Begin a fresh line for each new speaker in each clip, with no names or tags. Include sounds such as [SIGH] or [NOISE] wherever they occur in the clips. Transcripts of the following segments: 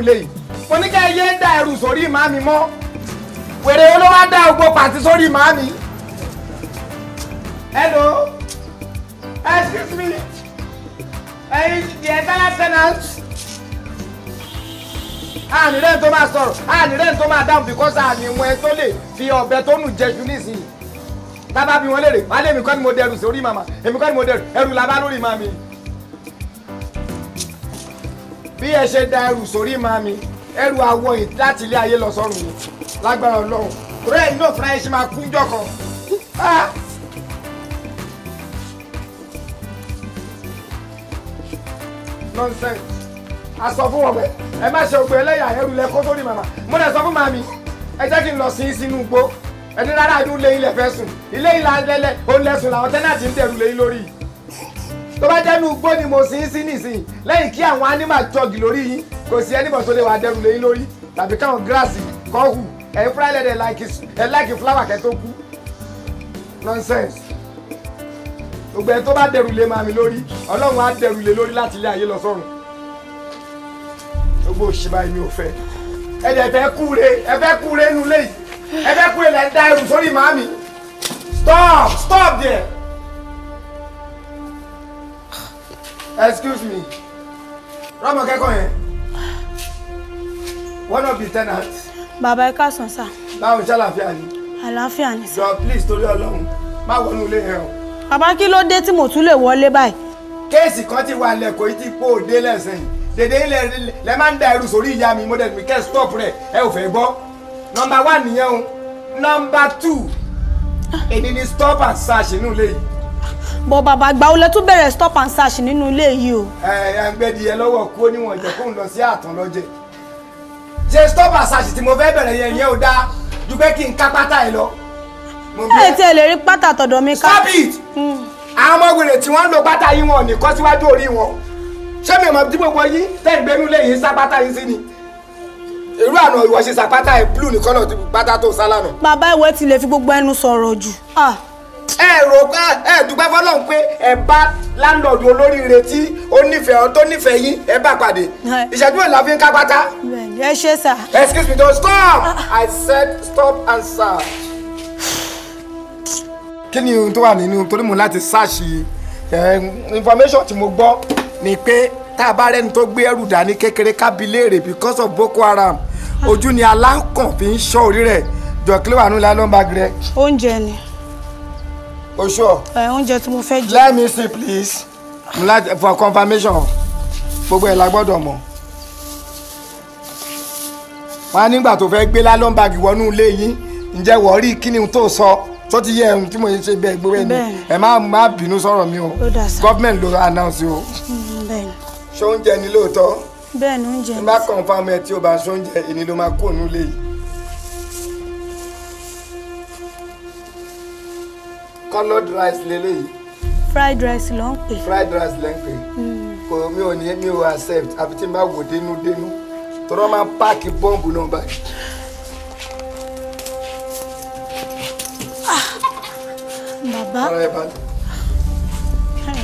nínú ilé mo ní kẹ́ ẹ yé da ẹrù sórí màmí mọ́ wèrè olówó á da ògbó pàtí sórí màmí.
hello excuse me ẹyin the entire tenant
ànírẹ́ tó máa sọ̀rọ̀ ànírẹ́ tó máa dáhùn because àníwọ̀n ẹ tó lè fi ọ̀bẹ tó nù jẹjú nísìnyí tábà bí wọ́n lè rè wálé mi kọ́ ni mo dẹrù sórí màmá èmi kọ́ ni mo dẹrù ẹrù làbá lórí màmí bí ẹ ṣe da ẹrù sórí màá mi ẹrù àwọ yìí láti ilé ayé lọ sọ́run ni lágbára ọlọ́run torí ẹ̀yin náà fúnra yín máa kú jọ nonsense a sọ fún wọn bẹ ẹ má ṣe ògbé ẹlẹ́yà ẹrù lẹ kó sórí màmá mo dẹ̀ sọ fún màmí ẹ jẹ́ kí n lọ sí sínú igbó ẹni rárá ìdúró lé ilẹ̀ fẹ́ sùn ilé ìlà lẹ́lẹ́ òun lẹ́sùn làwọn tẹ́nàtì ń dẹ̀rù lé lórí yìí tó bá jẹ́ inú igbó ni mo sì ń sí nìsín lẹ́yìn kí àwọn animal jọgì lórí yín kò sí ẹnìbọ̀ tó lè wà dẹrù lé yín lórí tàbí káwọn gíláàsì kọ́ hù ẹ̀ fúra ẹlẹ́dẹ̀ ẹ̀ láìkì fúláwà kẹ́ tó kú nonsense gbogbo ẹ̀ tó bá dẹrù lé màmí lórí ọlọ́run á dẹrù lé lórí láti ilé ayé lọ sọ́run gbogbo òṣìbá mi ò fẹ́ ẹ dẹ̀ fẹ́ kúre ẹ fẹ́ kúre nulẹ̀ yìí ẹ fẹ́ kúre lẹ́ da ẹrù sórí màmí stop stop there. excuse me rọmọ kẹ́kọ̀ọ́ yẹn one of the tenants.
bàbá ẹ káàsán sá.
báwo ṣe àlàáfíà ni. àlàáfíà ni sá. please torí Ọlọ́run má wọnú ilé yẹn o. bàbá kí ló dé tí mo tún lè wọlé báyìí. kéèsì kan ti wà lẹ́kọ̀ọ́ yìí ti pò dé lẹ́sìn dèdè ilẹ̀ lẹ́ máa ń da ẹrù sórí ìyá mi mo mi kẹ́ stop rẹ̀ ẹ ò fẹ́ gbọ́ nọmba one nìyẹn o nọmba two ah. èmi ni stop and search inú ilé yìí
bọ bàbá àgbà olè tún bẹ̀rẹ̀ stop and search nínú ilé yìí o.
ẹ ẹ gbẹdì ẹ lọ́wọ́ kú níwọn ìjẹ kóun lọ sí àtàn lọjẹ ṣe stop and search tí mo fẹ́ bẹ̀rẹ̀ yẹn yẹn ò dáa ju pé kí n ká pátá ẹ lọ. ẹ ti ẹ
lè rí pátá tọ̀dọ̀ mi ká. stop it hmm.
àwọn ọmọ wèrè tí wọ́n ń lo pátá yín wọn ò ní kọ́ síwájú orí wọn ṣé mi ò mọ̀ bí gbogbo yín tẹ́gbẹ́nú lè sá pátá yín sí ni irú àná ìwọ ṣe sàpátá ẹ blue nìkan náà ti pátá tó sálánà. bàbá ìwé ti lè fi gbogbo ẹnu sọ̀rọ̀ jù. ah ẹ rò pé ẹ dúpẹ́ fọlọ́run pé ẹ bá láńlọ́ọ̀dù olóríire tí ó nífẹ̀ẹ́ ọ tó nífẹ̀ẹ́ yín ẹ bá pàdé ìṣẹ́jú ẹ̀ la fi ń ká pátá. ẹ ṣe sà. excuse me don't stop ah, ah. i said stop and search. kí ni ohun tó wà nínú torí mo láti ṣáàṣì information tí mo gbọ́ ni pé tá a bá rẹ́ni tó gbé ẹrù dání kékeré kábíléèrè because of Boko Haram ah. ojú ni aláǹkàn fi ń ṣọ́ orí rẹ̀ jọ̀kílẹ̀ wà nínú lálọ́ńbàgì rẹ̀.
oúnjẹ ni oṣù ẹ oúnjẹ
tí mo fẹ́ jẹ. let me see please for confirmation gbogbo ẹ̀ la gbọ́dọ̀ mọ̀ wọn á nígbà tó fẹ́ gbé lálọ́ńbàgì wọnú ilé yín ǹjẹ́ wọ́n rí kíni tó sọ tó ti yẹ ẹ̀hún tí mo ṣe bẹ́ẹ̀ gbogbo ẹni ẹ má má bínú sọ̀rọ̀ mi o gọ́ọ̀mẹ̀ntì ló announce o mm, ṣé oúnjẹ ni lóòótọ́ bẹ́ẹ̀ oúnjẹ ni. tí bá ẹ tí o bá ṣoúnjẹ èmi ló máa kó òun yìí. colored rice leléyìí. fried rice ló ń pè. fried rice ló ń pè. Hmm. kò mi ò ní mi ò accept àfi tí n bá wò dénú dénú tọ́rọ máa ń páàkì bọ́ǹbù náà báyìí.
Ah, bàbá. ara ẹ bá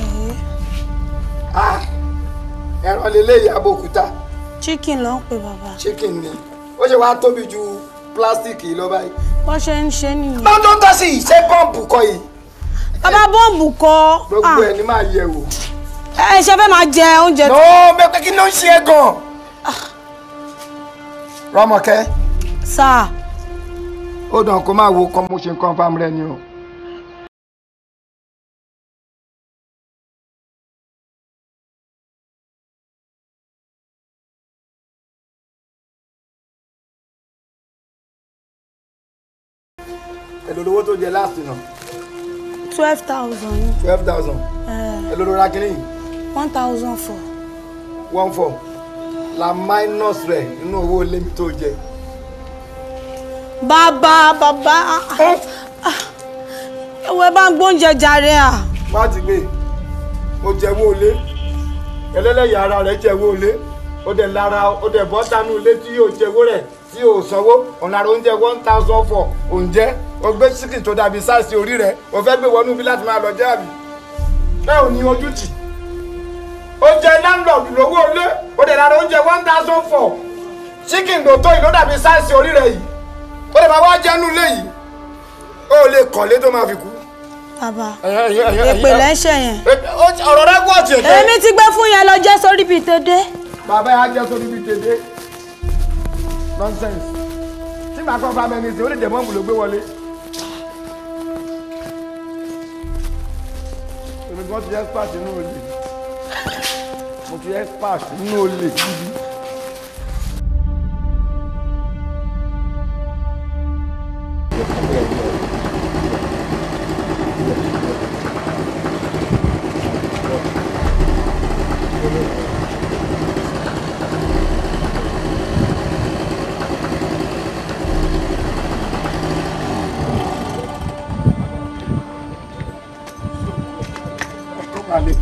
mi.
Ah, ẹran leléyìí abókúta. chicken ló ń pè bàbá. chicken ni ó ṣe wá tóbi ju plastic lọ báyìí.
wọ́n ṣe ń ṣe nìyẹn. lọ́dún tó sì
ṣe bọ́ǹbù kọ yìí bàbá bọ́ọ̀mù kọ́. gbogbo ah. ẹ̀ ni máa yẹ wò. ẹ ṣe fẹ́ máa jẹ oúnjẹ. lọ́ọ́ mẹ́pẹ́ kí ló ń ṣe é gan. Ah. rọmọkẹ́. sà.
ó dàn kó máa wo kọ́ mo ṣe ń confam rẹ ni o. èlò lówó tó jẹ láti náà twelve thousand.
twelve thousand. Eh. ẹ ló ló ra
one thousand four.
one four la minus rẹ nínú owó ilé mi tó jẹ. bàbá bàbá ẹwẹ ah, ah, ah. bá ń
gbóúnjẹ jàre à.
má ti gbé mo jẹ owó ilé ẹlẹ́lẹ́yà ara rẹ̀ jẹ owó ilé ó dẹ̀ lára ó dẹ̀ bọ́ sánú ilé tí yóò jẹ owó rẹ̀ tí o sanwó ọ̀nàrà oúnjẹ one thousand four oúnjẹ o gbé chicken tó dàbí sáàsì orí rẹ o fẹ́ gbé wọnú bí láti máa lọ jẹ́ àbí bẹ́ẹ̀ ò ní ojú tì ó jẹ́ landlord lówó ilé ó dẹ̀ lára oúnjẹ one thousand four chicken tó tó yìí ló dàbí sáàsì orí rẹ yìí ó dẹ̀ bá wá jẹ́nu lé yìí ó lè kọ̀lé tó máa fi kú
bàbá ìpìlẹ̀ ṣe yẹn. ọ̀rọ̀ rẹ wọ̀ tiẹ̀. èmi ti gbé fún yẹn lọ jẹ́ sórí bíi
bàbá yà á jẹ́ sórí bíi nonsense tí màá kọ́ fáwọn ẹni sìn ó lè dẹ̀ mọ́mù ló gbé wọlé. èmi gan ti expert nínú olè mo ti expert nínú olè gidi.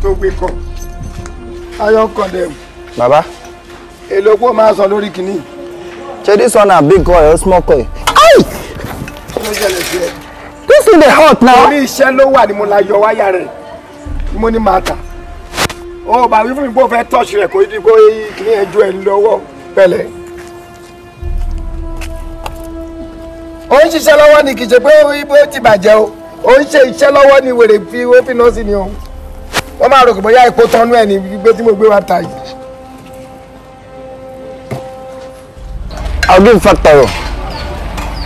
to wake up i don condemn. baba. èlò kó máa san lórí kìíní. ṣé dis one na big coil or small coil. ayi. mo ṣẹlẹ̀ sí ẹ. this thing the hot now. orí iṣẹ́ ló wà ni mo la yọ wáyà rẹ̀ ni mo ní máa tà. ó bá wí fún mi bó fẹ́ tọ́ọ̀ṣì rẹ̀ kó dìbò kìíní ẹjọ́ ẹ̀ lọ́wọ́ pẹ̀lẹ́. ó ń ṣiṣẹ́ lọ́wọ́ ni kì í ṣe pé ó ti bàjẹ́ o ó ń ṣe iṣẹ́ lọ́wọ́ ni wèrè fi ó fi nọ́ọ̀sì ni o wọ́n máa rò pé epo tán nú ẹ̀ ní gbígbé tí mo gbé wa ta yìí. I'll give factor.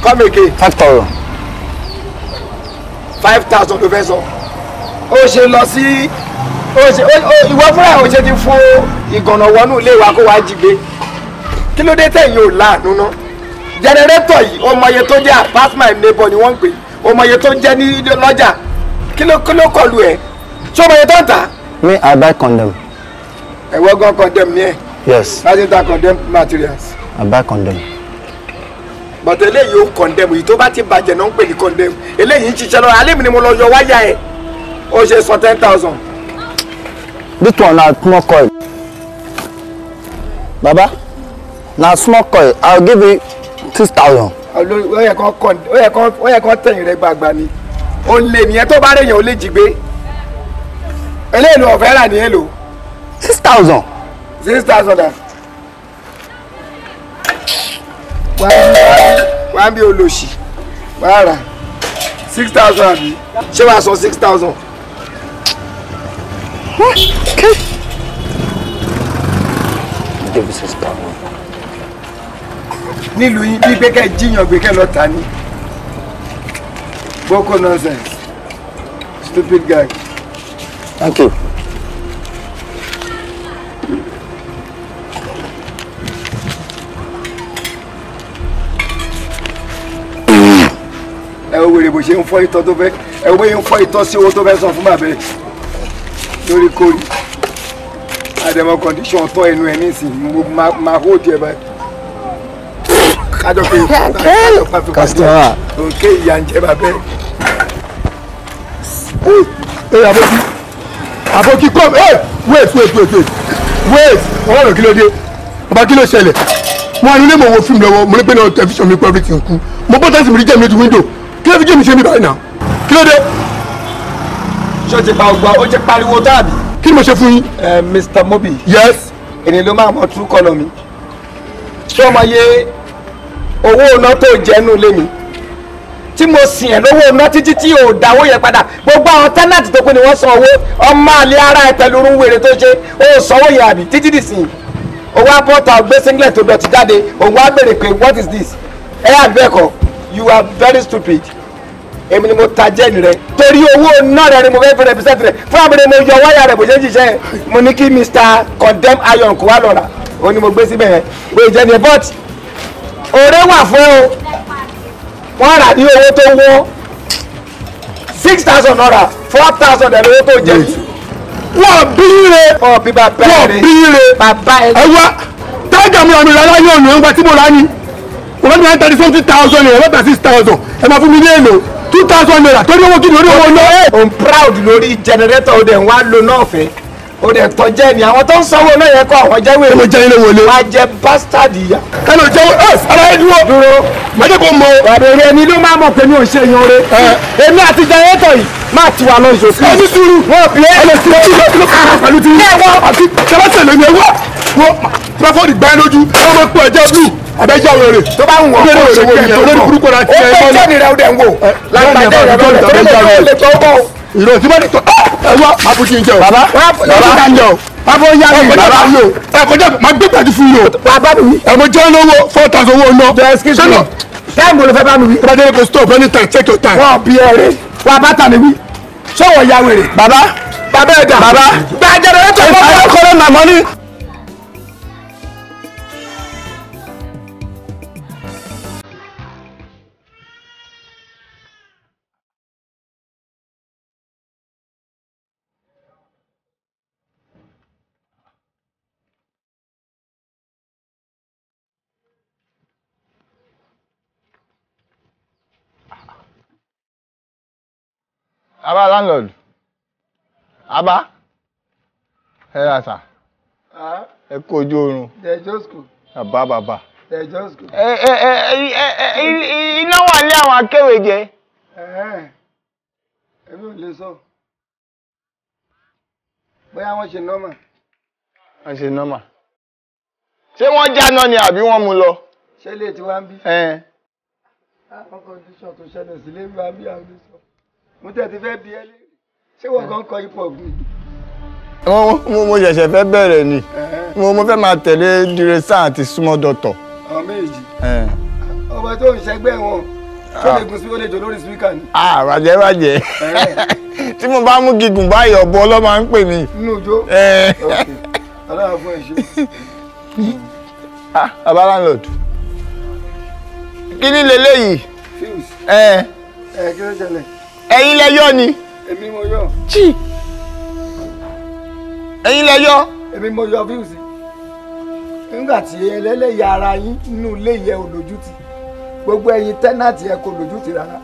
Come again. Factor. Five thousand ló fẹ́ sọ. Ó ṣe lọ sí ìwọ fúnra ò ṣe ti fún ìgànnà wọnú ilé wa kó wá jígbe kí ló dé tẹ̀yìn ò láàánú ná jẹnẹrétọ̀ yìí ọmọye tó jẹ́ apart my neighbor ni wọ́n ń pè ọmọye tó jẹ́ ní lọ́jà kí ló kọlù ẹ̀. So my daughter, me i buy condom. ẹ̀wọ́ gan condom condemn me. yes. láti ta condemn materials. i buy condom. bọ̀dọ̀ eléyìí you condemn, you yìí tó bá ti bàjẹ́ náà ń pè ní condom eléyìí ń ṣiṣẹ́ lọ́wọ́ alẹ́ mi ni mo lọ yọ wáyà ẹ̀ ó ṣe sọ ten thousand. this one na small coin. baba na small coin. I'll give you six thousand. ó yẹ kán tẹ̀yìn rẹ gbàgbà ni ó lè nìyẹn tó bá rèèyàn ó lè jí gbé eléèlò ọ̀fẹ́ rà ní èlò. six thousand. six thousand naira. wà á bí olóṣì wà á rà six thousand àbí ṣé wàá sọ six thousand. nílùú yín bí gbẹ́kẹ̀ jíyàn gbẹ́kẹ̀ lọ ta ni boko nonsense stupid guy. Thank you. ẹ wo wèrè bó ṣe ń fọ́ itọ́ tó fẹ́ ẹ wo bó ṣe ń fọ́ itọ́ sí owó tó fẹ́ san fún bàbá ẹ lórí kórì àdèmọ kọndíṣọ̀n tọ́ ẹnu ẹ nísìnyí mo máa hó tiẹ̀ báyìí kájọ pé kájọ pàfi pàṣẹ òkè ìyà ń jẹ bàbá ẹ àbókí kọ́ ẹ wait wait wait wait wait ọwọ́ rẹ̀ kí ló dé ọba kí ló ṣẹlẹ̀ wọn ní ilé mo wo fíìmù lọ́wọ́ mo ní pé náà tẹlifíṣàn mi pẹ́ẹ́rì ti ń kú mo bọ́ tẹ́sí mi rí jẹ́mi lójú wíńdò kí ló fi jẹ́mi ṣe mi báyìí náà kí ló dé. ṣé o ti pa ọgbà o ti pariwo dáàbì. kí ni mo ṣe fún yín. ẹ eh, Mr Mobi. yes. èmi ló máa mọ true colour mi. ṣé o máa yé owó iná tó jẹ́nu lé mi tí mo sì ẹ̀ lówó ná títí tí ò dáwó yẹn padà gbogbo àwọn tẹ́nàtì tó kù ni wọ́n san owó ọmọ àlè ara ẹ̀ pẹ̀lú orun wèrè tó ṣe ó sanwó yẹn àbí títí dì sìn owó apọ́ta ọgbẹ́ singlet tó dọ̀tí jáde òun wá béèrè pé what is this ẹ àgbẹ̀kọ you are very stupid èmi ni mo ta jẹ́ẹ̀lì rẹ torí owó náà rẹ ni mo fẹ́ fi represent rẹ fún àbúrò mo yọ wáyà rẹ bó ṣe ń mo ní kí Mr. condemn iron kó wá òun ni mo gbé síbẹ̀ yẹn wọ́n ìjẹ́ but ọ̀rẹ́ wà fún ẹ wọ́n rà ní owó tó wọ́n six thousand naira four thousand naira owó tó jẹ wọ́n bí ire wọ́n bí ire bàbá ẹ wá tájà mi àmì rárá yóò lò ó wá tí mo rà ní wọ́n bí wọ́n tẹ̀lé seventy thousand naira wọ́n bẹ̀ six thousand ẹ máa fún mi ní èlò two thousand naira torí owó kí ni orí owó náà. òun proud lórí generator ọdẹ ń wá lò náà fẹ́ o dẹ̀ tọ́ jẹ́ ni àwọn tó ń sanwó náà yẹ kó àwọn jẹ́ wèrè. kí ló jẹ́ ilé wọlé. wàá jẹ bastard ìyá. ẹ lọ jẹ́ ẹ ara ẹ dúró. dúró mọ́jọ́ kò mọ. bàbèrè ẹni ló máa mọ̀ pé mi ò ṣe yan re. èmi àti jẹrẹtọ̀ yìí máa ti wà lọ ìṣòfin. ẹni sùúrù wọn bí ẹ. ẹni sùúrù kí ló kí ló kí ló pẹ̀lú ti. ẹ wọ àti tẹlẹsẹ lèmi ẹ wọ. wọ pẹfọdì gbá lójú ẹ máa pọ ẹjẹ blue àbẹjá wẹrẹ. tó bá ń wọ ọkọ ìṣòwò yẹn lórí burúkú rà tiẹ̀. ó fẹ́ jẹ́ni rẹ̀ ó dẹ̀ ń wò. lágbàdé rẹ̀ lọ́dẹ̀ tó lè tó lè tó bọ̀. ìrọ̀sí bá ti tọ́ ẹ wá máa fojú ń jẹ o. bàbá lọ́jọ́ ká ń jẹ o. bàbá ó yá mi bàbá yóò. ẹ kọjá máa gbé pàdé fún yóò. bàbá mi. ẹ mo jẹ́ lówó four thousand owó ná. jẹ́ excuse me. táìmù ló fẹ́ bá mi wí. bàbá délé kò stop anytime check your time. wọ́n bí ẹ rè wà bá tà mí wí. sọ̀wọ̀ ya wèrè. bàbá bàbá ẹ̀dá. bàbá gbàjẹ̀rẹ̀ rẹ̀ tó kọ́ Aba landlord. Aba. Hello, sir. Ah. Ẹ kú ojú They just go. Bàbá bàbá. They just go. Eh, eh, eh, ẹ iná wà ní
àwọn Eh. jẹ.
Èmi ò lè sọ. Bóyá wọ́n ṣe nọ́mà. Wọ́n ṣe Se Ṣé wọ́n jáná ni àbí wọ́n mú lọ? Ṣé ilé tí wá ń bí? Àwọn condition tó ṣẹlẹ̀ sílé wá ń bí àwọn ìṣọ̀ mo tẹ̀ ti fẹ́ bí ẹ léèrè ṣé wọ́n kàn ń kọ hip hop ni. mo mo ṣẹ̀ṣẹ̀ fẹ́ bẹ̀rẹ̀ ni mo mo fẹ́ máa tẹ̀lé diresa àti súnmọ́ dọ̀tọ̀. àwọn méjì ọba tó ń ṣẹgbẹ́ wọn tó lè ah. gun sí ó lè lórí spíkà ni. ah bàjẹ́ bàjẹ́ [LAUGHS] tí mo bá mú gígùn báyìí ọ̀bọ ọlọ́mọ ń pè mí. nínú ojó ọlọ́run fún ẹ̀ ṣe. ah baba landlord kí ni lélẹ́yìí. fíwùs ẹ ẹ kí ló ṣẹlẹ̀ ẹ̀yin lẹ yọ ni. èmi mo yọ. chi ẹ̀yin lẹ yọ. èmi mo yọ fíùsì nígbà tí ẹlẹ́lẹ́yà ara yín nínú ilé yẹ olójútì gbogbo ẹ̀yin tẹ́nàtì ẹ kò lójútì rárá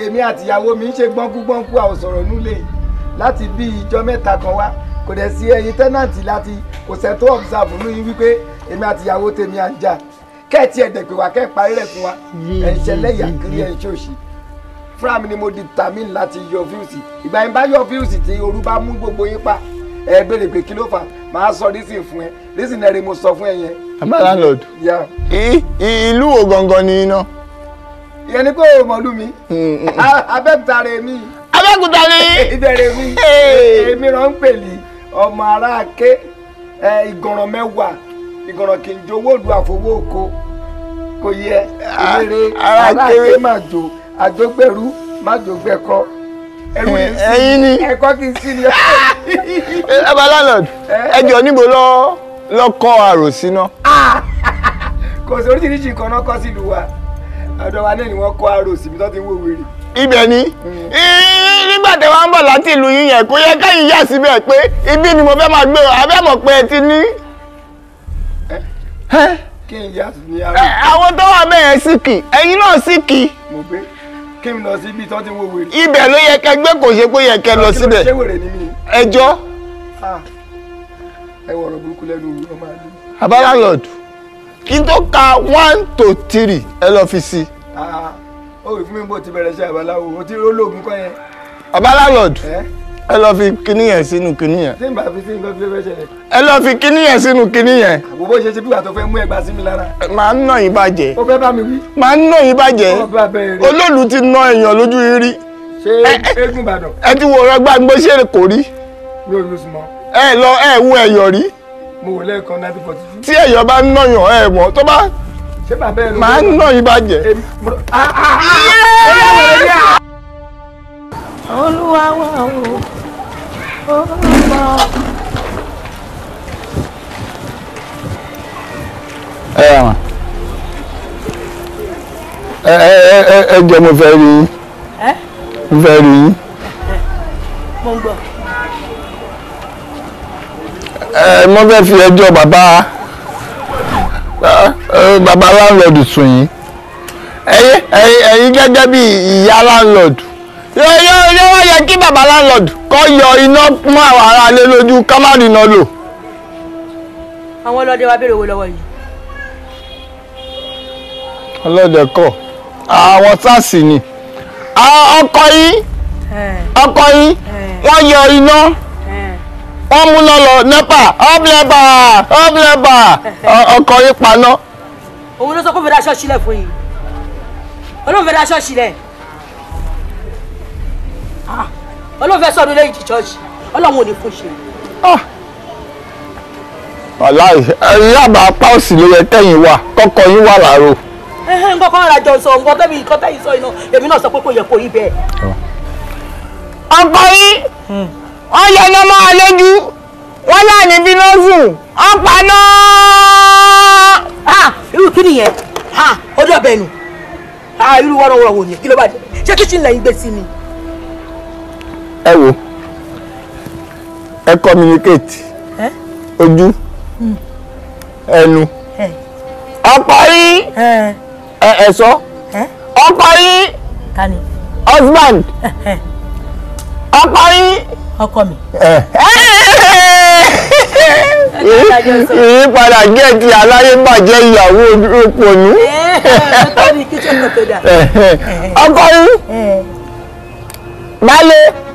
èmi àtìyàwó mi ń ṣe gbọ́nkú-gbọ́nkú àwòsọ̀rọ̀ nílé láti bí ìjọ mẹ́ta kan wá kò dẹ̀ sí ẹ̀yin tẹ́nàtì láti kò sẹ́tọ́ ọ̀bùsàbù ní yín wípé èmi àtìyàwó tèmi à ń jà kẹ́ẹ̀tì ẹ̀dẹ̀gbẹ̀wá kẹ́ẹ̀ parí rẹ̀ fún wa ẹ̀ ń ṣẹlẹ́yà kiri ẹ̀ ń ṣòṣì fúlàmì ni mo determine láti yọ fíùsì ìgbà yẹn bá yọ fíùsì tí ooru bá mú gbogbo yín pa ẹ béèrè pé kí ló fà máa sọ rísìn fún ẹ rísìn náà rè mo sọ fún ẹ yẹn. àmọ́ landlord ìlú wo gangan ni iná. ìyẹn ni pé o mọ̀lú mi abẹ́kúta rẹ̀ mi. abẹ́kúta ni. ìbẹ̀rẹ̀ [LAUGHS] mi èmi rán pèlì ọmọ aráàké ìgànràn mẹ́wàá ìgànràn kì í jowó lu àfọwọ́ oko kò yẹ ìrere aráàké má jo àjọgbẹ̀rú májọgbẹ̀kọ ẹ̀yin ni ẹ̀kọ́ kì í sí ni. ẹ̀bà landlord [LAUGHS] eh? ẹjọ́ níbo lọ lọ kọ́ àròsí náà. Ah! [LAUGHS] kò sí oríṣiríṣi nǹkan náà kọ́ sílùú wa ọ̀dọ̀ wa náà ni wọ́n kọ́ àròsí bí wọ́n ti ń wò wèrè ibẹ̀ ni hmm. nígbà tí wọ́n ń bọ̀ láti ìlú yín yẹn kò yẹ káyìn yà síbẹ̀ pé ibi ni mo fẹ́ máa gbé o abẹ́mọ̀ pé ẹ ti ní. Eh? Eh, àwọn tó wà bẹ́ẹ̀ síkì ẹ̀yin náà síkì. mo gbé kí n lọ sí ibi tí wọ́n ti wo wèrè. ibẹ̀ ló yẹ kẹ gbé kò ṣe pé yẹ kẹ lọ síbẹ̀. ṣé wèrè ni mí. ẹjọ́. Ah, ẹ wọ burúkú lẹ́nu mi ọmọ àdé. abala lord kí n tó ka one to three ẹ lọ fi sí. Ah, ah, ó rí fún mi bó ti bẹ̀rẹ̀ ṣe àbáláwo ó ti rí olóògùn kọ́ yẹn. abala lord. Eh? ẹ lọ fi kíní yẹn sínú kíní yẹn. tí n bá fi sí nǹkan kílé fẹ́ ṣẹlẹ̀. ẹ lọ fi kíní yẹn sínú kíní yẹn. àbúrò ṣe ṣe bí wàá tó fẹ́ mú ẹgbàá sí mi lára. màá nà yín bàjẹ́. ó fẹ́ bá mi wí. màá nà yín bàjẹ́. olóòlù ti nà èèyàn lójú yín rí. ṣé eégún ìbàdàn. ẹ ti wò ọgbà gbọ́ ṣe é kò rí. mi ò lùsùn mọ́. ẹ lọ ẹ wú ẹyọ rí. mo wò lẹ́ẹ̀kan náà tí ẹyọ bá nà yàn ẹ mọ̀ tó bá. ṣé bàbá ẹ lọ. màá nà yín bàjẹ́. Ah,
ah, ah, olúwa wà ó ẹ
yà mà ẹ ẹ ẹ ẹ jẹ mo fẹ́ rí yín mo fẹ́ rí yín. mo ń gbọ́. ẹ mo fẹ́ fi ẹjọ́ bàbá bàbá láńlọ́ọ̀dù sùn yín ẹ̀yin ẹ̀yin gẹ́gẹ́ bí ìyá láńlọ́ọ̀dù yóò yóò yóò yẹ kí bàbá láńlọ́ọ̀dù kọ́ yọ iná fún àwọn aráalé lójú ká má dìna lò.
àwọn ọlọ́dẹ wa béèrè owó lọ́wọ́ yìí.
ọlọ́dẹ kọ̀ àwọn sars ni ọkọ̀ yìí ọkọ̀ yìí wọ́n yọ iná wọ́n mú lọ lọ nẹ́pà ọ́bìlẹ́bà ọ́bìlẹ́bà ọkọ̀ yìí paná.
òun ló sọ pé fẹ́rẹ́ aṣọ sílẹ̀ fún yìí olóhùn fẹ́rẹ́ aṣọ sílẹ̀. Ah. Ọlọ́run fẹ́ sọ́dún lẹ́yìn ti church Ọlọ́run ò ní fún ṣe. Ah.
wàláì ẹ̀yin àbá apá òsì ló yẹ kẹ́yìn wà kọ́kọ́ yín wà láàárọ̀.
nǹkan kan rajọ sọ nǹkan tẹ́bi nǹkan tẹ́yìn sọ iná èmi náà sọ pé kò yẹ kó rí bẹ́ẹ̀. Oh. ọ̀pọ̀ yìí hmm. wọ́n yọ ọmọ máa lójú wọ́n láàánú bí ló sùn ọ̀pá náà. irú kí nìyẹn ojú ọbẹ̀ nù irú wọ́n rọwọ́ wò ní kí ló bá jẹ́ ṣé kí ṣì ń lẹ́yìn gbé sí ni ẹ wo
ẹ communicate ojú
ẹnu ọkọ yín ẹ sọ ọkọ yín husband ọkọ yín ọkọ mi.
ìyípadà jẹ́ ti aláyé bàjẹ́ ìyàwó
òpònú. ọkọ yín balẹ̀.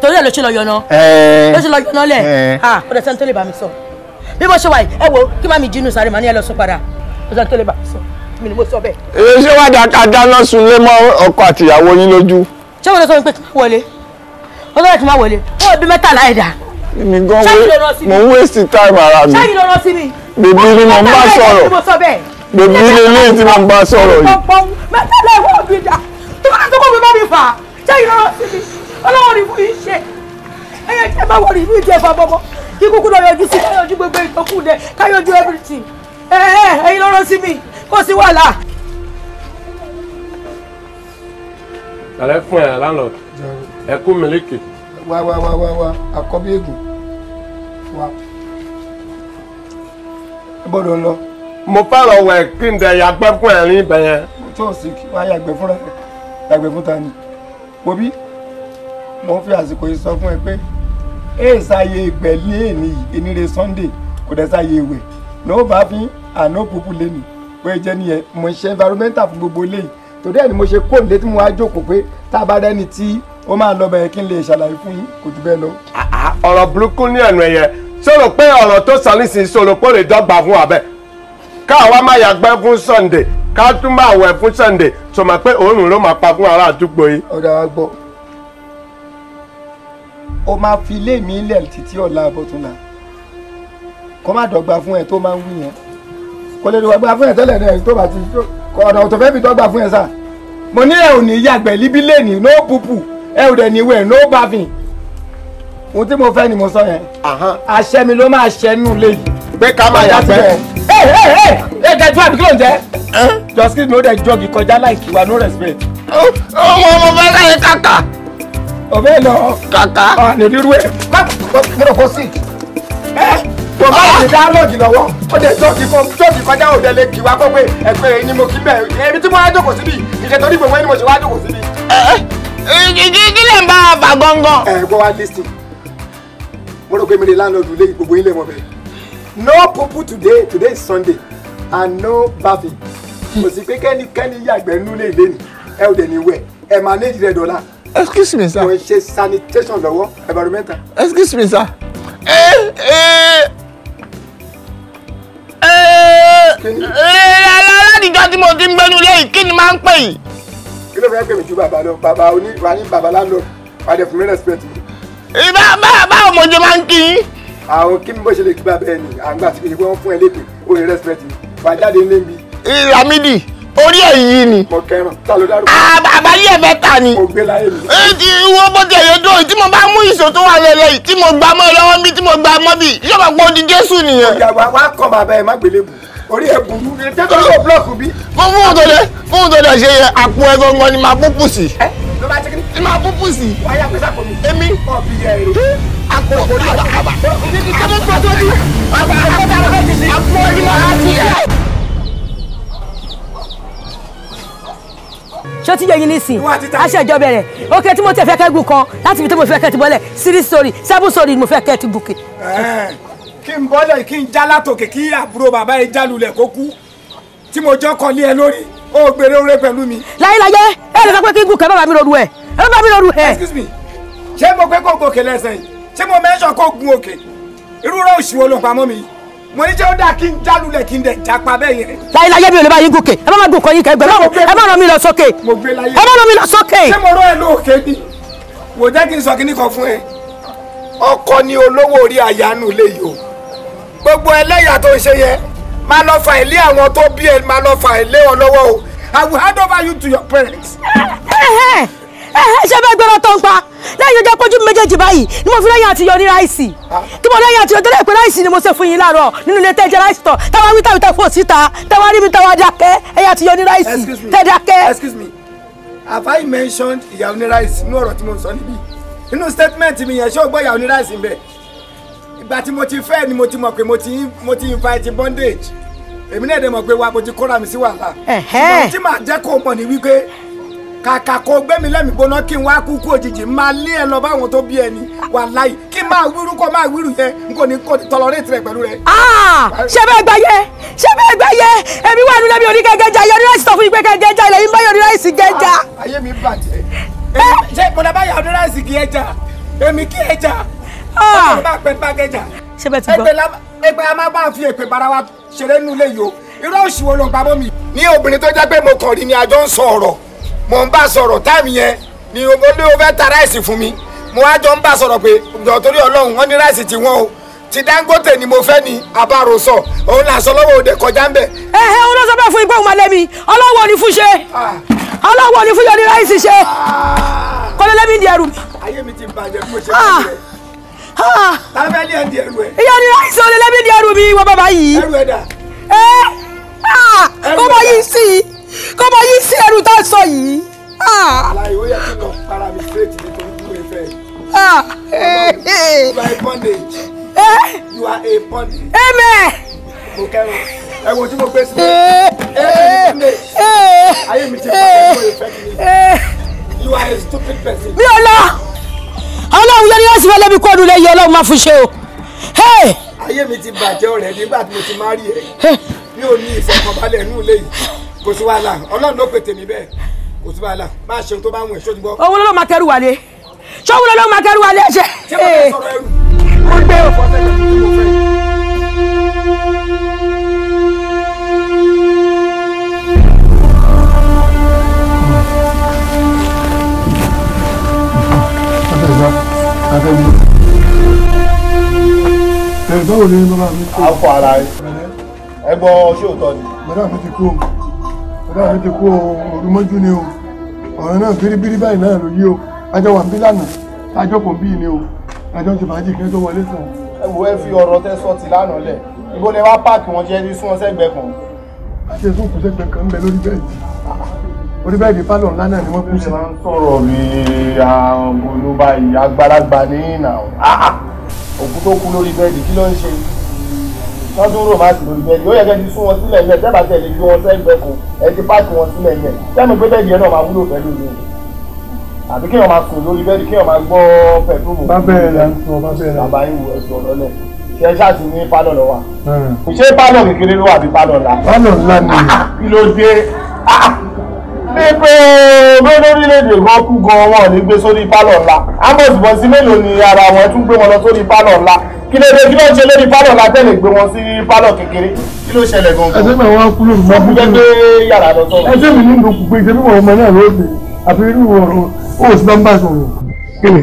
torí ẹ ló ṣe lọ yọnà ló ṣe lọ yọnà lẹ ó dẹ̀ sẹ́ni tó lè bá mi sọ bí mo ṣe wà yìí ẹ wo kí má mi jinú sáré màá ní ẹ lọ sún padà ó dẹ̀ sẹ́ni tó lè bá mi sọ mi ni mo sọ bẹ́ẹ̀.
èyí ṣé wàá dáa ká dáná sunlé mọ́ ọkọ àtìyàwó yín lójú.
ṣé wọ́n lọ sọ pé kí n wọlé ó sọ pé kí n má wọlé ó bí mẹ́tàlá ẹ̀dá. mi gan wo mo ń
waste time ara mi. ṣé
ìlú lọ sí mi. bèbí ni mo bá sọ̀rọ̀ bèbí ni ilé tí mo bá sọ̀rọ̀ yìí. mẹ́tàlá ẹ̀wọ̀n mi dà tó bá tó kọ́ mi bá mi fà ṣé ìlú lọ sí mi ọlọ́wọ́ rí fún yín ẹ̀yẹ tẹ́ bá wọ rí ìjẹ́ ìfọ̀bọ̀bọ̀ kí kúkú lọ yọjú sí káyọjú gbogbo ìtọ́kù dẹ káyọjú everything ẹ ẹ ẹ̀yin lọ́rọ́ sí mi kò sí wàhálà.
àlẹ́ fún ẹ̀ landlord ẹ̀kú mílíkì. wá wá wá wá wá àkọ́bí ègùn wá ẹ gbọ́dọ̀ lọ. mo fẹ́ lọ wẹ̀ kí n dẹ̀ yàgbẹ́ fún ẹ̀rín ibẹ̀ yẹn. tó o sì kí wọ́n yàgbẹ́ fúnra yàgbẹ́ fúnta ni mo bí mo fi àsìkò yìí sọ fún ẹ pé èè sáyé ìgbẹ̀lẹ́ èní yìí enire sunday kò dẹ́ sáyé ìwẹ̀ no bathing and no pupu lẹ́nu pé jẹ́ nìyẹn mo ṣe environmental fún gbogbo eléyìí torí ẹ̀ ni mo ṣe kó nílé tí mo wá jókòó pé tá a bá rẹ́ni tí ó máa lọ bẹ̀rẹ̀ kí n lè ṣàlàyé fún yín kò jù bẹ́ẹ̀ lọ. ọ̀rọ̀ burúkú ní ẹ̀nu ẹ̀yẹ sọ̀rọ̀ pé ọ̀rọ̀ tó sọ nísìnyí sọ̀rọ̀ pé ó lè dọ́gba fún wa bẹ́ẹ̀ káwa máa yàgbẹ́ fún Sunday ká tún máa wẹ̀ fún Sunday sọ̀mọ́ pé òórùn ló máa pa fún ará àdúgbò yìí. ọ̀dà wa gbọ́ o máa fi ilé mi lẹ̀ títí ọ̀la àbọ̀túnla kó má dọ̀gba fún ẹ tó máa ń wí yẹn kò lè dọ̀gba fún ẹ tẹ́lẹ̀ náà tó bá ti ọ̀nà tó fẹ́ fi dọ́gba fún ẹ sà mo ní ẹ ò ní yàgbẹ́ líbí lẹ́nìí no pupu ẹ ò dẹ̀ ní no bathing ohun tí mo fẹ́ ni mo sọ yẹn àṣẹ mi ló máa ṣẹ nù lé yìí pé ká máa yàgbẹ́. ẹ ẹ ẹ ẹ kẹjú àbí kí ló ń jẹ. just kí ló dé jọ́ọ̀gì kọjá láì kí wa no respect. ọmọ ọmọ bá láyé kàkà ọbẹ̀ lọ kàkà ọ̀nìdírú ẹ̀ má gbọ́dọ̀ kó sí. kò má ti dá lọ́ọ̀dì lọ́wọ́ ó dé ṣọ́ọ̀kì kan ṣọ́ọ̀kì kọjá òde lè kí wa kó pé ẹgbẹ́ rẹ̀ ni mo kí bẹ́ẹ̀ ebi tí mo wá jókòó síbi ìṣe torí gbogbo ẹni mo ṣe wá jókòó síbi. kí lè ń bá a fà gángan. ẹ gbọ́ wá lísìn mo rò pé mi lè láńlọ́ọ̀dù lé gbogbo ilé wọn bẹ́ẹ̀ no pupu today today is Sunday and no bathing kò sí pé kẹ́nikẹ́ni yàgbẹ́ nú lè lé ni ẹ ò dẹ̀ ní wẹ̀ ẹ̀ máa ní ìdílé dọ́là excuse me sir. mo ń ṣe sanitation lọ́wọ́ environmental. excuse me sir. ẹ ẹ
aládìjọ́ tí mo ti ń gbénu lẹ́yìn kí ni máa ń pè
yìí. kí ló fẹ́ pè mí ju bàbá lọ bàbá oní wà ní bàbá lálọ padà fún mi respect mi. ìbá báwo mo jẹ máa ń kí yín. àwọn kí ni bó ṣe lè kí bàbá ẹ nì àgbà tí kò ṣe pé wọ́n fún ẹ lépè ó ní respect mi wà jáde níbi. ìràmídì orí ẹ̀ yìí ni. mo kẹran ta ló dárúkọ. àbáyé ẹ fẹ́ ta ni. mo gbé láyé mi.
ti ẹ̀yọ́
dúró tí mo bá mú ìṣó tó wà lẹ́lẹ́ yìí tí mo gbà mọ́ lọ́wọ́ bí tí mo gbà mọ́ bí yóò máa pọ́ di jésù nìyẹn. ìyá wa wá bàbá ẹ̀ má gbélé bù orí ẹ̀ bù ú jẹ́kọ̀ọ́ yóò blọ́ọ̀kù bí. fún fún òtòlẹ́ fún ṣe yẹ àpò ẹ̀ gangan ni màá púpù sí. ẹ ló bá ti kí ni. ẹ máa púpù sí. wáyà pẹ́sà kò ní. èmi. ọ̀ bìyà èrè àpò àbá àbá àbá àbá àbá àbá àbá àbá àbá àbá àbá àbá
àbá àbá àbá àbá àbá ṣó ti yẹ yín nísìn aṣọ ìjọba rẹ̀ òkè tí mo tẹ̀ fẹ́ kẹ́ gùn kan láti ibi tí mo fẹ́ kẹ́ ti bọ́lẹ̀ series story seven story mo fẹ́ kẹ́ ti gùn kí. kí n bọ́lẹ̀
kí n já látòkè kí àbúrò bàbá yẹn jálulẹ̀ kó kú tí mo jọ́ kọ́ lé ẹ lórí ó gbèrè oore pẹ̀lú mi. láyéláyé ẹ lè sọ pé kí n gùn kẹ́ bàbá mi lóru ẹ̀ ẹ bàbá mi lóru ẹ̀. excuse me ṣé mo pé kó gòkè lẹ́sẹ̀ yìí ṣé mo mẹ́sàn kó gun òkè irú rẹ̀ òṣìwò ló pamọ́ mi yìí mo jẹ́ ó dáa kí n jálulẹ̀ kí n dẹ̀ japa bẹ́ẹ̀ yẹn. láyé láyé mi ò lè bá yín gòkè ẹ
bá máa gòkè yín kẹ gbẹ ẹ bá ràn mí lọ sókè
ẹ bá ràn mí lọ sókè. ṣé mo rán ẹ lóòkè ni wò jẹ́ kí n sọ kíní kan fún ẹ ọkọ ni olówó orí àyánu lè yò gbogbo ẹlẹ́yà tó ń ṣe yẹn máa lọ fà ilé àwọn tó bí ẹ máa lọ fà ilé wọn lọ́wọ́ o
I will hand over you to your parents. Eh, eh, ṣé bẹ́ẹ̀ gbẹ́rọ tó ń pa lẹ́yìn ojú ẹpọ́jú méjèèjì báyìí ni mo fi lẹ́yìn àti yọ ní ráìsì kí mo lẹ́yìn àti yọ tẹ́lẹ̀ pé ráìsì ni mo ṣe fún yín láàárọ̀ nínú ilé tẹ́jẹ́ ráìsì tọ̀ táwa wí táwa fò síta táwa rí mi táwa dákẹ́ ẹ̀yà àti yọ ní ráìsì tẹ́dákẹ́. excuse me
have I mentioned ìyá oníráìsì nínú ọ̀rọ̀ tí mo sọ níbí nínú statement mi yẹn ṣé o gbọ́ ìyá oníráìsì bẹ́ẹ̀ ìgbà tí mo ti fẹ́ ni mo ti mọ̀ pé mo ti invite bondage èmi náà dẹ̀ mọ̀ pé wa mo ti kóra mi sí wàhálà ṣùgbọ́n tí màá jẹ́ kó mọ̀ ní wípé kàkà kó gbé mi lẹ́mìí gbóná kí n wá kú kú òjijì máa lé ẹ lọ báwọn tó bí ẹni wàláhì kí n máa wíru kó máa wíru yẹn n kò ní kó tọlọrẹ́tì rẹ pẹ̀lú rẹ.
Ah! ṣé bẹ́ẹ̀ gbà yẹ ṣé bẹ́ẹ̀ gbà yẹ èmi wà nílẹ̀ mi ò jà yọ ní láìsí sọ fún mi jà ilẹ̀ yìí ń bá yọ ní láìsí gẹ́jà. Ah,
ayé mi bàjẹ́ eh? ṣé mo dábàá yà ọ ní láìsí kí ẹ jà èmi kí ẹ jà ah! ṣé bẹ́ẹ̀ ti gbọ́ èpè ni àjọ ń mò ń bá sọ̀rọ̀ táìmù yẹn ni ó ní o fẹ́ ta ráìsì fún mi mo wá jọ ń bá sọ̀rọ̀ pé jọ̀ọ́ torí ọlọ́run wọ́n ní ráìsì tí wọ́n o ti Dangote ni mo fẹ́ ni
àbárosọ òun là sọ lọ́wọ́ òde kọjá ń bẹ̀. ẹ ẹ wọn ló sọ bẹ́ẹ̀ fún ipò òun malẹ́mi ọlọ́wọ́ ni fún ṣe ah. ọlọ́wọ́ ni fún yọ ní ráìsì ṣe ah. kọ́lẹ́lẹ́mí di ẹrù mi.
ayé mi ti bàjẹ́ bó ṣe
ah. bá rẹ̀ di ẹrù ẹ̀. ìyá ni ráìsì olè lẹ́mí di ẹrù
mi wọ́n bàbá yìí. ẹrù ẹ̀ dà. Eh. ẹ ẹ kọ́ mọ yí sí ẹrù tá a sọ yìí. Ah. aláì ó yẹ kí n lọ para mi straight nítorí kú ẹfẹ. Ah. you are a bondage. Eh. Eh. you are a bondage. amen. mo kẹ́rù ẹ wo tí mo gbé sí. Eh. ayé mi ti pa ẹ kó ìfẹ́ mi. you are a stupid person. mi ò lọ
ọlọ́run yẹn ni wọ́n sì fẹ́ lẹ́bi kóòdù lẹ́yìn ọlọ́run máa fi ṣe o.
ayé mi ti bàjẹ́ ọ̀rẹ́ nígbà tí mo ti má rí ẹ mi ò ní ìfọkànbalẹ̀ nù lẹ́yìn kò sí wàhálà ọlọ́run ló pè tèmi bẹ́ẹ̀ kò sí wàhálà máa ṣe ohun tó bá wù ẹ́ ṣó ti gbọ́.
owó ló máa kẹrù wálé ṣó wúlò ló máa kẹrù wálé ṣe. ṣé wọ́n fẹ́ sọ̀rọ̀ ẹrù. ó gbé òfò ọ̀sẹ̀ tó ti mú fẹ́.
báwo ni bàbá mi kú. a fọ ara ẹ ẹ gbọ́ ṣé òótọ́ ni. bàbá mi ti kú bàbá mi ti
kú òrùmọ́jú ni o ọ̀rọ̀ náà bíríbírí báyìí náà ló yí o àjọ wà ń bí lánàá àjọ kò ń bí ni o àjọ ti bàájì kí ẹ tó wọlé sàn.
ẹ wo ẹ fi ọ̀rọ̀ tẹ sọ ti lánàá lẹ
ibo lẹ wá páàkì wọn jẹ sún wọn sẹ́gbẹ̀ kan. a ṣe sún kù sẹ́gbẹ̀ kan ń bẹ lórí bẹ́ẹ̀dì orí bẹ́ẹ̀dì pálọ̀ ńlá náà ni wọ́n kú sí. máa ń
sọ̀rọ̀ mi àgbo ló
báyìí àgbàlagbà ní ìnà òkú tó kú lórí bẹ́ẹ̀dì kí ló ń ṣe yìí wọ́n tún rò máa sì lórí bẹ́ẹ̀ ni ó yẹ kẹ́ ti sún wọn sílẹ̀ yẹn tẹ́bà tẹ̀lé ju wọn sẹ́gbẹ́ kan ẹ ti páàkì wọn sílẹ̀ yẹn sẹ́mi pé bẹ́ẹ̀ yẹn náà máa wúlò pẹ̀lú mi àbí kéèyàn máa sùn lórí bẹ́ẹ̀ kéèyàn máa gbọ́ pẹ̀lúmù bàbá yín wù ẹ̀sùn ọ̀rọ̀ lẹ̀ ṣe ṣáà ti ní pálọ̀ lọ wa. ṣé pálọ̀ kékeré ló wà bí pálọ̀ la. pálọ̀ ńlá ni. Ah, kí ló dé pípé ah, bẹ́ẹ̀ lórílẹ̀‐èdè gan kú gan wọn ò ní gbé sórí pálọ̀ ńlá. amọ̀sibọ̀sí mélòó ni ara wọn tún gbé wọn lọ sórí pálọ̀ ńlá kí ló dé kí ló ń ṣe lórí pálọ̀ látẹ̀lẹ̀ gbé wọn sí pálọ̀ kékeré kí ló ṣẹlẹ̀ gan-an. ẹsẹ̀ mi wá kúrò mọ́ bí wọ́n gbé yàrá lọ sọ́run. mi nínú gbogbo ìṣẹ́ mímọ̀ ọmọ náà ló àfi inú ọ̀rọ̀ ó sì bá ń bá sọ̀rọ̀. kí ni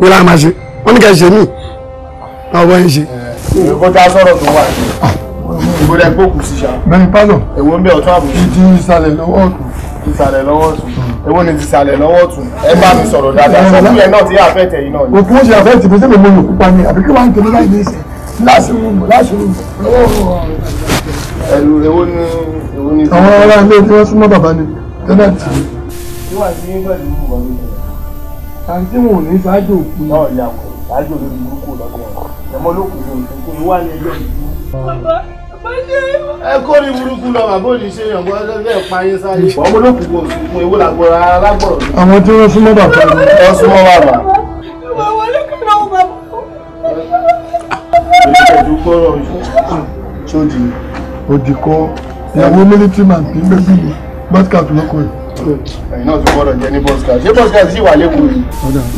wọ́n lá máa ṣe wọ́n ní ká ṣe mí àwọn ọmọ yẹn ṣe. ìkọjá sọ̀rọ̀ tó wà ìgbọ́dọ̀ ẹ̀kọ́ kù sí ṣá. bẹ́ẹ̀ pálọ̀ ẹ̀wọ̀n bẹ́ẹ̀ ọ̀tún àbùkù. ìdí ìsàlẹ̀ lọ́wọ́ ọ̀tún ìsàlẹ̀ lọ́wọ́ ọ̀tún èwo ni ìsàlẹ̀ lọ́wọ́ ọ̀tún ẹ bá mi sọ̀rọ̀ dáadáa sọ fún yẹn náà tí àfẹ́ tẹ̀yìn náà ni. òkú ń ṣe àfẹ́ tìbí sẹ́mi mo lò púpà ni àbí kí wàá ń tẹ̀lé láì ní ìsẹ̀ láṣìírùmù láṣìírùmù lọ́wọ́ ẹ̀lú èwo ni èwo ni. àwọn ará ilé tí wọ́n súnmọ́ bàbá ni tẹ́lẹ̀ tì ìwà mi
ẹ kó ní burúkú lọ bàbá òní ṣe yàn bọ́ ẹ pa yín sáré. ọmọ olókùn kò sùn fún ewu làgbọ̀rọ̀ alágbọ̀rọ̀.
àwọn tí wọ́n súnmọ́ bàbá mi. ẹ súnmọ́ bàbá.
ṣòdì òdìkọ ìyàwó mílítì màá bí gbẹgbẹ bọ́tíkà tó lóko yìí ẹ̀yin náà ti gbọ́dọ̀ jẹ ní boys guys ṣé boys guys sì wà lẹ́kùn yìí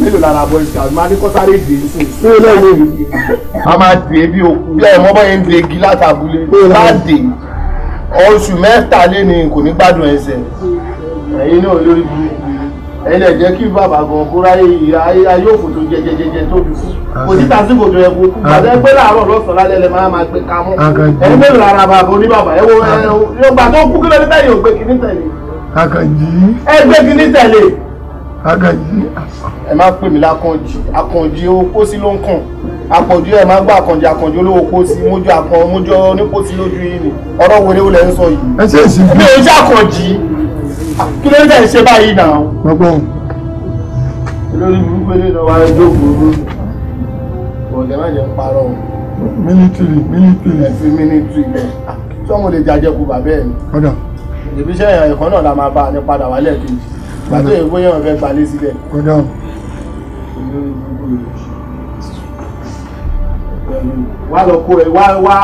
mélòó lára boys guys máa ní kọ́sáré dè é sí i lẹ́yìn a máa dè é bí okùn bí ẹ̀ mọ́bọ́ yẹn ń dè igi látàbúlé bá dè oṣù mẹ́ta lé ni kò ní gbádùn ẹsẹ̀ ẹ̀yin náà lórí burúkú ẹ̀yin lè jẹ́ kí bàbá gan kó ráyè ayé òfò tó jẹ jẹjẹjẹ tó fi kú kò sí tásìkò tó yẹ kó kú gbàdé pé láàárọ̀ lọ́sàn-án lálẹ́ lè máa máa gbé kamọ́ ẹ̀yin mélòó lára bàbá oníbàbà ẹ̀ wo ẹ̀ ló gbà tó kú kí lóní tẹ̀yìn ò gbé kíní tẹ̀yìn. Akànjí. ẹ gbé kí ní tẹ̀lé. Akànjí. ẹ má pè mí lákànjí Akànjí owó pósí ló ń kàn àpọ̀jù ẹ má gbọ́ Akànjí Akànjí olówó pósí mójú àkàn mójú onípósí lójú yìí ni ọ̀rọ̀ wèrè wọlé ń sọ yìí. ẹ ṣe èsì. mi ò jẹ́ Akànjí kí ló ń tẹ̀ ṣe báyìí náà. gbọ́gbọ́n. olórí burúkú ilé náà wáyé jókòó ọ̀dẹ̀ má jẹ́ ń parọ́ o. mílítìrì mílítìrì. ẹ fi mílítìrì lẹ sọ́mo lè jàjẹ́ kú bàbá ẹ̀ mi. ọ̀dà èmi iṣẹ́ ẹ̀kọ́ náà la máa bá ní padà wálẹ̀ kejì gbàtọ́ èèbó yẹn fẹ́ gbalẹ̀ sílẹ̀.
wá lọ kó ẹ wá wá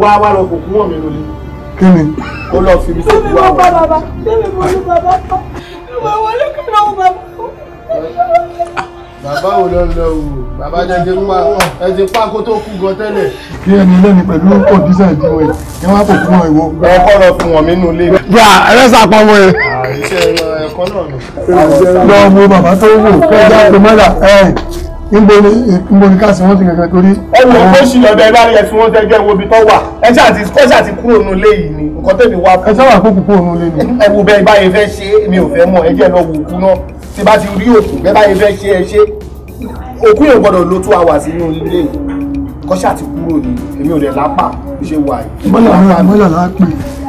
wá wá lọ kó kún wọn lórí.
kí ni. kó lọ fi mi sókè wá wọn.
bàbá bàbá bẹ́ẹ̀ mo ní bàbá pa wọlé kí n náà bàbá
bàbá wo lọ lọ o bàbá jẹ ti pa ẹ ti pa kó tó kú gan tẹ́lẹ̀. kí ẹni lẹ́nu pẹ̀lú
kọ̀dísà ìdíwọ̀ ẹ̀ kí wọ́n á kò fún wọn ìwọ.
ẹ kọ́ lọ fún wọn nínú ilé. gba ẹlẹ́sà pa ọmọ yẹn. iṣẹ́ ẹ̀kọ́ náà ni. lọ wo
bàbá tó wò kọjá tó mẹ́ta ẹ̀ nbori ká sí wọn ti kankan torí. ẹ wo bó ṣì lọ́dọ̀ ẹ bá rí ẹfin wọn tẹ́jọ́ ìwo ibi tó wà ẹ ṣáàtì ẹ ṣáàtì kúrò nù léyìí ni nǹkan tẹ̀mí wá fún. ẹ ṣáàtì kúrò nù léyìí ni. ẹ wo bẹ́ẹ̀ báyìí fẹ́ ṣe é mi ò fẹ́ mọ̀ ẹ jẹ́ lọ wò ó kú náà tí bá ti rí òkú bẹ́ẹ̀ báyìí fẹ́ ṣe ẹ ṣe òkú yẹn gbọ́dọ̀ lo two hours nínú ilé kọ́ṣà àti kúrò ní èmi ò lè lápá bí ṣe wà yìí. mọ́là mi mọ́là la pè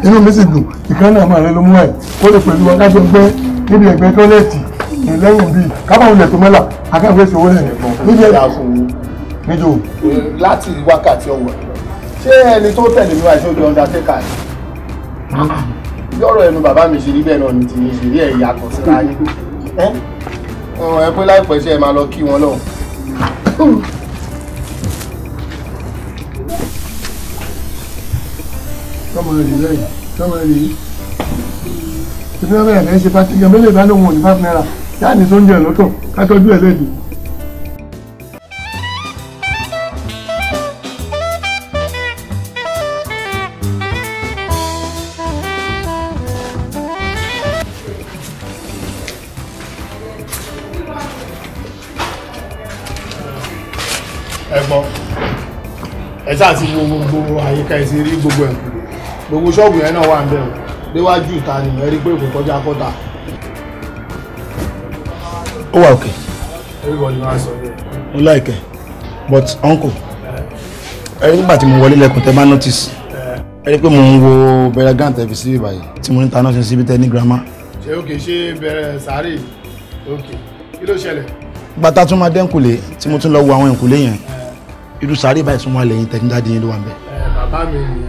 inú mi sì dùn ìkànnì àmọ́ rẹ ló mú ẹ̀ ó lè pẹ̀lú akájọ gbẹ́ níbi ẹ̀gbẹ́ tọ́lẹ̀tì lẹ́yìn bíi kábàámu lẹ̀ tó mọ́là akáwé ṣòwò rẹ̀ níbi ẹ̀yà
fún mi. níjó. láti wákàtí ọwọ́ ṣé
ẹni tó tẹ̀lé mi wá ṣé ó di undertaker ni bí ọ̀rọ̀ ẹnu bàbá mi ṣe rí náà ni ti ṣe rí ẹ̀yà kan síra yín ẹ ẹ pé láìpẹ́ ṣe é máa lọ kí wọn
lọ́hùn.
tọmọ rẹ lẹ́yìn tọmọ rẹ yìí ìdílé bẹ̀rẹ̀ fẹ́ ṣe pàtìkì ọmọ ilé ìbálòpọ̀ ní five naira yáà ní sóúnjẹ lọ́tọ̀ ká ẹ̀ lẹ́dìí.
sáà ti wo gbogbo àyíká ẹ̀ sí rí gbogbo ẹ̀kú gbogbo ṣọ́ọ̀bù yẹn náà wà ń bẹ̀rù déwájú ìta ni ẹ rí pé kò kọjá kọ́ta. ó wà òkè. everybody mo láìkẹ́ but uncle ẹ rí nígbà tí mo wọlé lẹ́kùn tẹ́ bá notice ẹ rí pé mo ń wo bẹ̀rẹ̀ grant ẹ̀ fi síbí báyìí tí mo ní ta náà ṣe síbí tẹ́ ní grandma.
ṣé òkè ṣé bẹ̀rẹ̀ sáré òkè kí ló ṣẹlẹ̀.
bàtà tún máa dẹ́kùlé tí mo tún lọ wo àwọn ìkùlé yẹn irú sàárè báyìí súnmọ́ ilẹ̀ yín tẹ̀síńdá dín yín ló wà ń bẹ̀.
bàbá mi ni.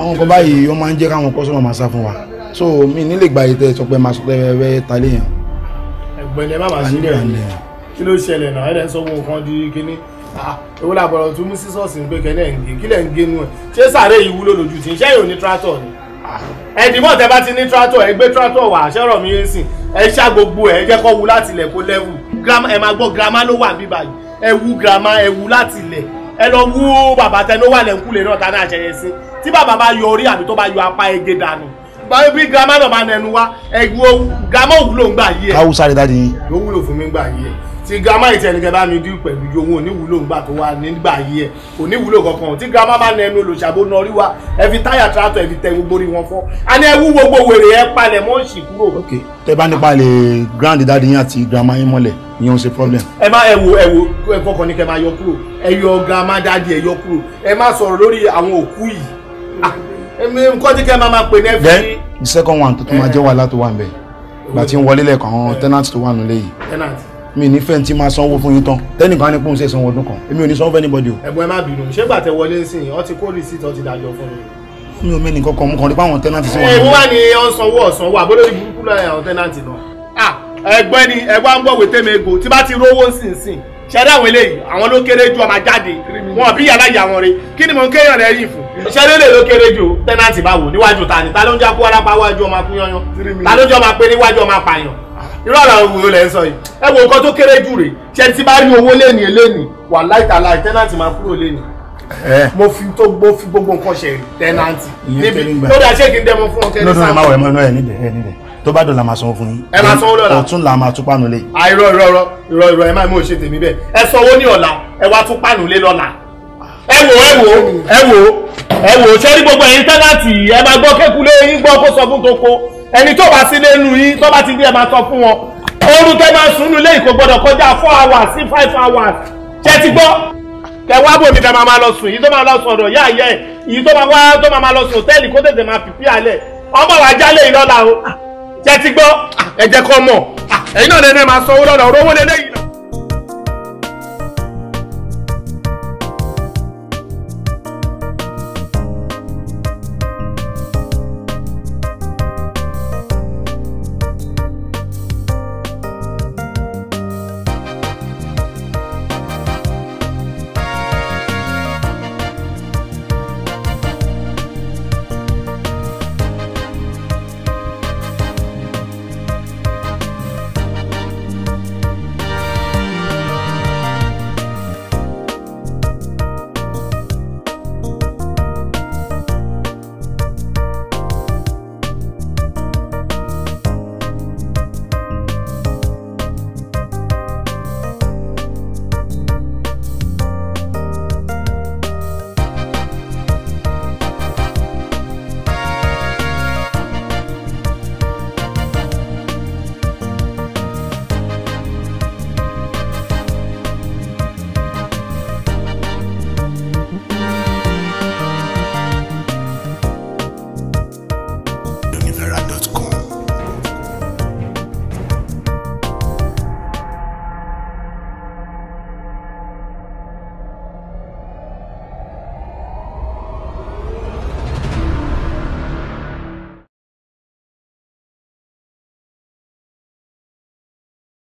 àwọn kan báyìí wọ́n máa ń jẹ́ káwọn kọ́sọ́mọ̀ máa sá fún wa so mi nílè gba ètò ẹ̀sọ́ pé máa sọ pé ẹ̀rẹ́ ta léèyàn. ẹ̀gbẹ́lẹ̀ má bàa sílẹ̀ kí ló ṣẹlẹ̀ náà ẹ̀rẹ́ sọ wọn kan di kínní èwo ah, la bọ̀rọ̀ tún mú sí sọ́ọ̀sì pé kẹ́lẹ́ ń gé kílẹ̀ ń gé nú ẹ̀ ṣé sàárè yìí wúlò lójú tí ṣé yóò ní tractor ni. Ah. ẹ̀dìmọ̀ tẹ bá ti ní tractor ẹ gbé
tractor wà àṣẹ́rọ̀ mi ń sìn ẹ ṣá gbogbo ẹ̀ jẹ́ kó wu láti ilẹ̀ kó level ẹ máa gbọ́ girama ló wà bíbáyìí ẹ wú girama ẹ wú láti ilẹ̀ ẹ lọ wú bàbá tẹnu wà lẹ́ńkúlẹ̀ náà tani àṣẹyẹ sí tí bàbá bá yọ orí àbí tó bá yọ apá ege dànù bí girama náà bá nẹnu wá ẹ wú girama òwúlò ń gbà yí ẹ.
káwùsáré dájú yín.
ló fún mi ń gbà yí ẹ tí grandma yìí tẹnikẹ́ bá mi dí pẹ̀lú iye owó oníwúlò ńgbà tó wà nígbà yìí ẹ̀ oníwúlò kankan tí grandma bá na ẹnu olùṣàbò náà rí wa ẹ táyà tractor ẹ tẹ gbogbo rí wọn fọ́ àní ẹ wú gbogbo wèrè ẹ palẹ̀ mọ́
òsì kúrò. ok tẹ bá nípa lè grand dadi yín àti grandma yín mọ́lẹ̀ ìyẹn ò ṣe problem. ẹ má ẹ wo ẹ wo ẹ kọkàn ní kẹ máa yọ kúrò ẹ yọ grandma dadi ẹ yọ kúrò ẹ má sọ̀rọ̀ lórí àwọn òkú yìí ah, nǹkan tí kẹ máa máa pè ní ẹ fi. then the second one tó tún máa jẹ́ wàhálà tó wà ń bẹ̀ gbàtí ń wọlé lẹ́kọ̀ọ́ eh, eh. tenant mi ní fẹ́ tí máa sanwó fún yín tán tẹ́nìkan á ní kóun ṣe sanwó ọdún kan èmi ò ní sanwó fẹ́ anybody o. ẹ̀gbọ́n ẹ má bínú ṣé gbà tẹ wọlé sí i ọ ti kó rìsíìtì ọ ti dájọ́ fún mi. mi ò mẹ́ni kankan mú kan rí pé àwọn tẹ́nàtì sí wọn. èmi wá ní ọ̀sánwó ọ̀sánwó àbólórí burúkú lọ́yà àwọn tẹ́nàtì náà. ẹ̀gbọ́n ni ẹ̀gbọ́n ń bọ̀ wètè mego tí bá ti rówó
sínsìn ṣẹ́rí àwọn eléyìí àwọn ló kéré ju ọmọ jáde wọn bí yàrá ìyá wọn rè kí ni mò ń kéèyàn rẹ yìí fún. ṣẹ́rí èlé ló kéré ju tẹ́nàtì báwo níwájú ta ni ta ló ń jẹ́ kó wárápá wájú ọmọ akúnyányán ta ló jẹ́ ọmọ pé níwájú ọmọ apààyàn irú àwọn òwúrò lẹ́ ń sọ yìí ẹ wo nǹkan tó kéré jù rèé ṣe ti bá rí owó lẹ́nìí lẹ́nìí wà láìtàlá tẹ́nàtì máa kúrò lẹ́nìí mo fi tó gbó fi gbogbo nǹkan ṣe tẹ́nàtì níbi tó dáa ṣé kí n dẹ́mu fún ọ kẹ́rin sáà. lọ́dún ẹ̀ máa wọ̀ ẹ̀
máa náà ẹ̀ níbẹ̀ ẹ̀ níbẹ̀ tó bá dọ̀là máa sanwó fún yín. ẹ máa sanwó lọ́la ọ̀tún là máa tún pàánù lé.
àìrọ̀ ìrọ̀ ìrọ̀ ìrọ̀ ìrọ̀ ẹ máa mú òṣè tèmi bẹ́ẹ̀ ẹ sanwó ní ọ̀la ẹ wá tún pàánù lé lọ́la. ẹ wò ẹ wò ẹ wò ẹ wò ṣẹ́rí gbogbo ẹ̀yin tẹ́láǹtì ẹ máa gbọ́ kékulé yín gbọ́ kó sọ fún koko ẹni tó
bá sílé nu yín tó bá ti gbé ẹ máa sọ fún wọn oorun tẹ máa sùn nílé ìkó gbọ́dọ̀ kọjá four hours sí five hours ṣe ti gbọ́ kẹ wá bòmí tẹ máa máa lọ sùn yìí tó máa lọ sọ̀rọ̀ yá yẹ yìí tó máa wá tó máa máa lọ sùn hòtẹ́ẹ̀lì kó tètè máa fìfì àlẹ̀ ọmọ wa jálè ìlọ́la o ṣe ti gbọ́ ẹ jẹ́ kó mọ̀ ẹ̀yin náà lẹ́nu ẹ̀ máa sanwó lọ́la òróró lẹ́lẹ́yìn náà.